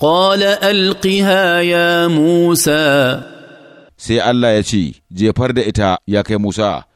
Ƙola ألقها يا موسى sai Allah ya ce, Jefar da ita ya kai Musa.